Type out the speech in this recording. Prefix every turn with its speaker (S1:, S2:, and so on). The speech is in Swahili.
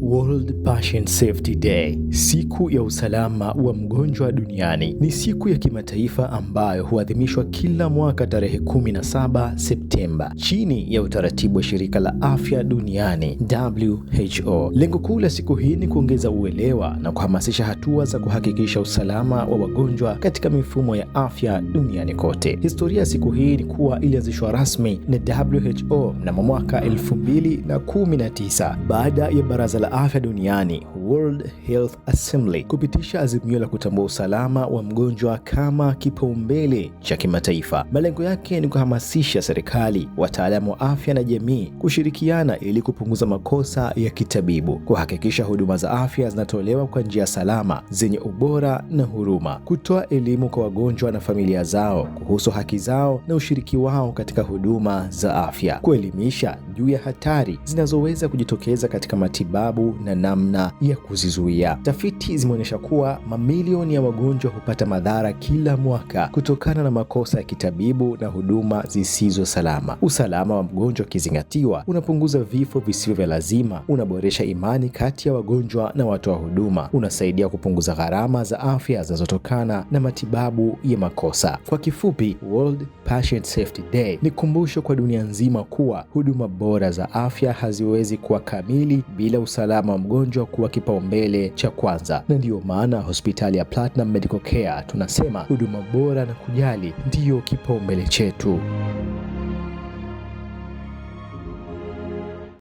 S1: World Patient Safety Day, siku ya usalama wa mgonjwa duniani, ni siku ya kimataifa ambayo huadhimishwa kila mwaka tarehe 17 Septemba chini ya utaratibu wa Shirika la Afya Duniani WHO. Lengo kuu la siku hii ni kuongeza uelewa na kuhamasisha hatua za kuhakikisha usalama wa wagonjwa katika mifumo ya afya duniani kote. Historia ya siku hii ni kuwa ilianzishwa rasmi na WHO mnamo mwaka 2019 baada ya baraza la Afya Duniani, World Health Assembly, kupitisha azimio la kutambua usalama wa mgonjwa kama kipaumbele cha kimataifa. Malengo yake ni kuhamasisha serikali, wataalamu wa afya na jamii kushirikiana ili kupunguza makosa ya kitabibu, kuhakikisha huduma za afya zinatolewa kwa njia salama, zenye ubora na huruma, kutoa elimu kwa wagonjwa na familia zao kuhusu haki zao na ushiriki wao katika huduma za afya, kuelimisha juu ya hatari zinazoweza kujitokeza katika matibabu sababu na namna ya kuzizuia. Tafiti zimeonyesha kuwa mamilioni ya wagonjwa hupata madhara kila mwaka kutokana na makosa ya kitabibu na huduma zisizo salama. Usalama wa mgonjwa ukizingatiwa, unapunguza vifo visivyo vya lazima, unaboresha imani kati ya wagonjwa na watoa wa huduma, unasaidia kupunguza gharama za afya zinazotokana na matibabu ya makosa. Kwa kifupi, World Patient Safety Day ni kumbusho kwa dunia nzima kuwa huduma bora za afya haziwezi kuwa kamili bila usalama usalama wa mgonjwa kuwa kipaumbele cha kwanza, na ndiyo maana hospitali ya Platinum Medical Care tunasema huduma bora na kujali ndiyo kipaumbele chetu.